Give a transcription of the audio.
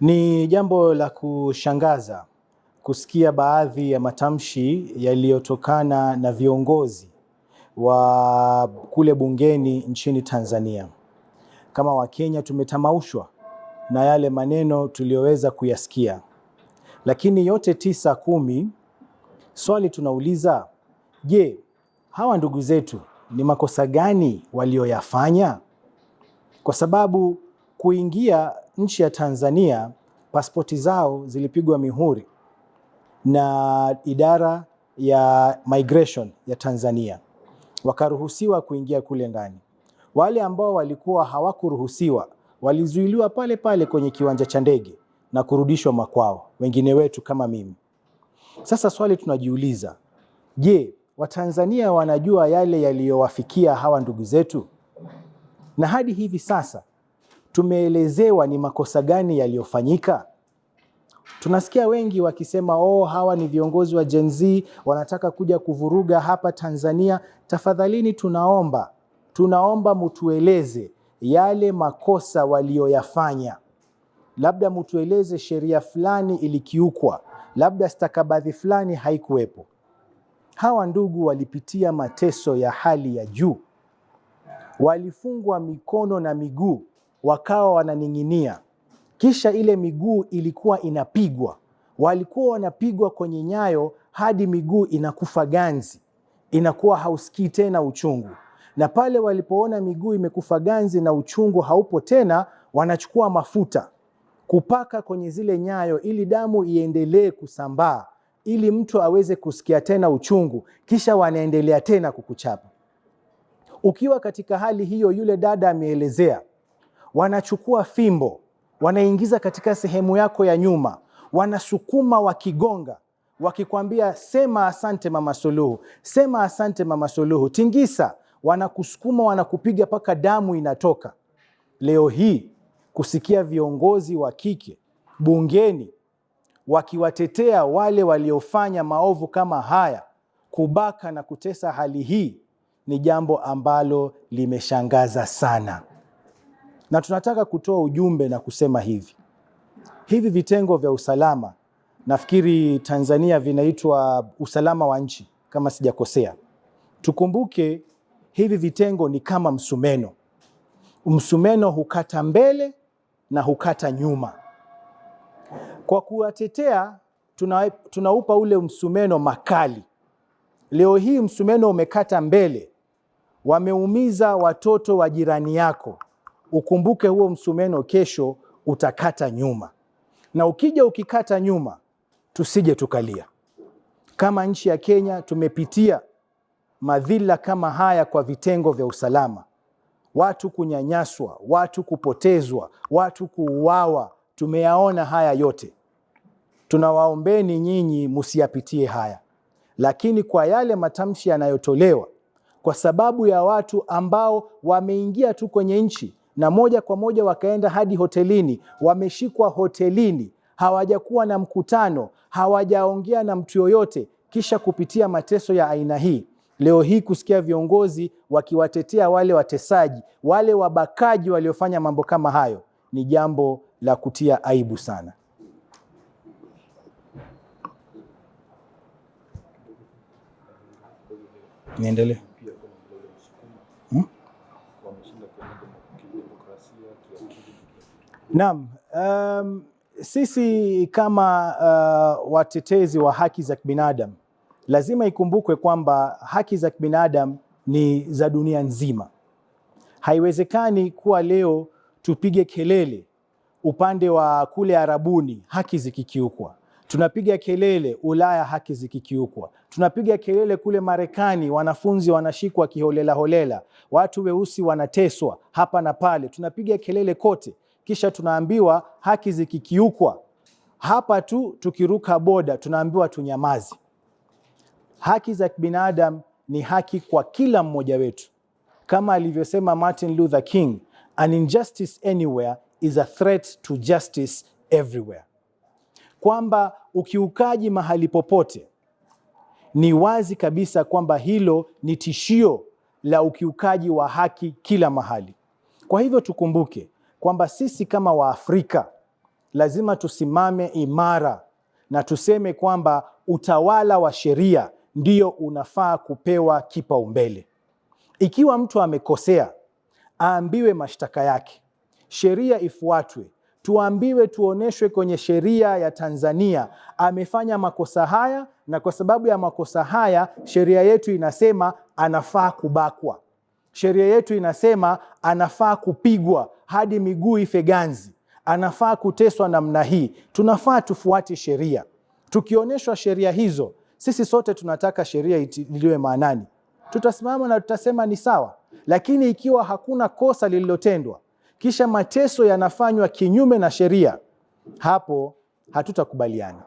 Ni jambo la kushangaza kusikia baadhi ya matamshi yaliyotokana na viongozi wa kule bungeni nchini Tanzania. Kama Wakenya tumetamaushwa na yale maneno tuliyoweza kuyasikia, lakini yote tisa kumi, swali tunauliza, je, hawa ndugu zetu ni makosa gani walioyafanya? Kwa sababu kuingia nchi ya Tanzania pasipoti zao zilipigwa mihuri na idara ya migration ya Tanzania, wakaruhusiwa kuingia kule ndani. Wale ambao walikuwa hawakuruhusiwa walizuiliwa pale pale kwenye kiwanja cha ndege na kurudishwa makwao, wengine wetu kama mimi. Sasa swali tunajiuliza, je, Watanzania wanajua yale yaliyowafikia hawa ndugu zetu? Na hadi hivi sasa tumeelezewa ni makosa gani yaliyofanyika. Tunasikia wengi wakisema oh, hawa ni viongozi wa Gen Z wanataka kuja kuvuruga hapa Tanzania. Tafadhalini, tunaomba tunaomba mutueleze yale makosa walioyafanya, labda mutueleze sheria fulani ilikiukwa, labda stakabadhi fulani haikuwepo. Hawa ndugu walipitia mateso ya hali ya juu, walifungwa mikono na miguu wakawa wananing'inia, kisha ile miguu ilikuwa inapigwa, walikuwa wanapigwa kwenye nyayo hadi miguu inakufa ganzi, inakuwa hausikii tena uchungu. Na pale walipoona miguu imekufa ganzi na uchungu haupo tena, wanachukua mafuta kupaka kwenye zile nyayo ili damu iendelee kusambaa ili mtu aweze kusikia tena uchungu, kisha wanaendelea tena kukuchapa. Ukiwa katika hali hiyo, yule dada ameelezea wanachukua fimbo, wanaingiza katika sehemu yako ya nyuma, wanasukuma wakigonga, wakikwambia sema asante mama Suluhu, sema asante mama Suluhu, tingisa. Wanakusukuma, wanakupiga mpaka damu inatoka. Leo hii kusikia viongozi wa kike bungeni wakiwatetea wale waliofanya maovu kama haya, kubaka na kutesa, hali hii ni jambo ambalo limeshangaza sana na tunataka kutoa ujumbe na kusema hivi, hivi vitengo vya usalama nafikiri Tanzania vinaitwa usalama wa nchi kama sijakosea. Tukumbuke hivi vitengo ni kama msumeno. Msumeno hukata mbele na hukata nyuma. Kwa kuwatetea, tuna, tunaupa ule msumeno makali. Leo hii msumeno umekata mbele, wameumiza watoto wa jirani yako, ukumbuke huo msumeno kesho utakata nyuma, na ukija ukikata nyuma tusije tukalia. Kama nchi ya Kenya tumepitia madhila kama haya kwa vitengo vya usalama, watu kunyanyaswa, watu kupotezwa, watu kuuawa, tumeyaona haya yote. Tunawaombeni nyinyi msiyapitie haya, lakini kwa yale matamshi yanayotolewa kwa sababu ya watu ambao wameingia tu kwenye nchi na moja kwa moja wakaenda hadi hotelini, wameshikwa hotelini, hawajakuwa na mkutano, hawajaongea na mtu yoyote, kisha kupitia mateso ya aina hii. Leo hii kusikia viongozi wakiwatetea wale watesaji, wale wabakaji waliofanya mambo kama hayo, ni jambo la kutia aibu sana. Niendelee. Naam, um, sisi kama uh, watetezi wa haki za kibinadamu lazima ikumbukwe kwamba haki za kibinadamu ni za dunia nzima. Haiwezekani kuwa leo tupige kelele upande wa kule Arabuni haki zikikiukwa, tunapiga kelele Ulaya haki zikikiukwa, tunapiga kelele kule Marekani wanafunzi wanashikwa kiholela holela, watu weusi wanateswa hapa na pale, tunapiga kelele kote kisha tunaambiwa haki zikikiukwa, hapa tu tukiruka boda tunaambiwa tunyamazi. Haki za kibinadamu ni haki kwa kila mmoja wetu, kama alivyosema Martin Luther King, an injustice anywhere is a threat to justice everywhere, kwamba ukiukaji mahali popote ni wazi kabisa kwamba hilo ni tishio la ukiukaji wa haki kila mahali. Kwa hivyo tukumbuke kwamba sisi kama Waafrika lazima tusimame imara na tuseme kwamba utawala wa sheria ndio unafaa kupewa kipaumbele. Ikiwa mtu amekosea, aambiwe mashtaka yake, sheria ifuatwe, tuambiwe, tuonyeshwe kwenye sheria ya Tanzania amefanya makosa haya, na kwa sababu ya makosa haya sheria yetu inasema anafaa kubakwa, sheria yetu inasema anafaa kupigwa hadi miguu ife ganzi, anafaa kuteswa namna hii? Tunafaa tufuate sheria. Tukionyeshwa sheria hizo, sisi sote tunataka sheria itiliwe maanani, tutasimama na tutasema ni sawa. Lakini ikiwa hakuna kosa lililotendwa, kisha mateso yanafanywa kinyume na sheria, hapo hatutakubaliana.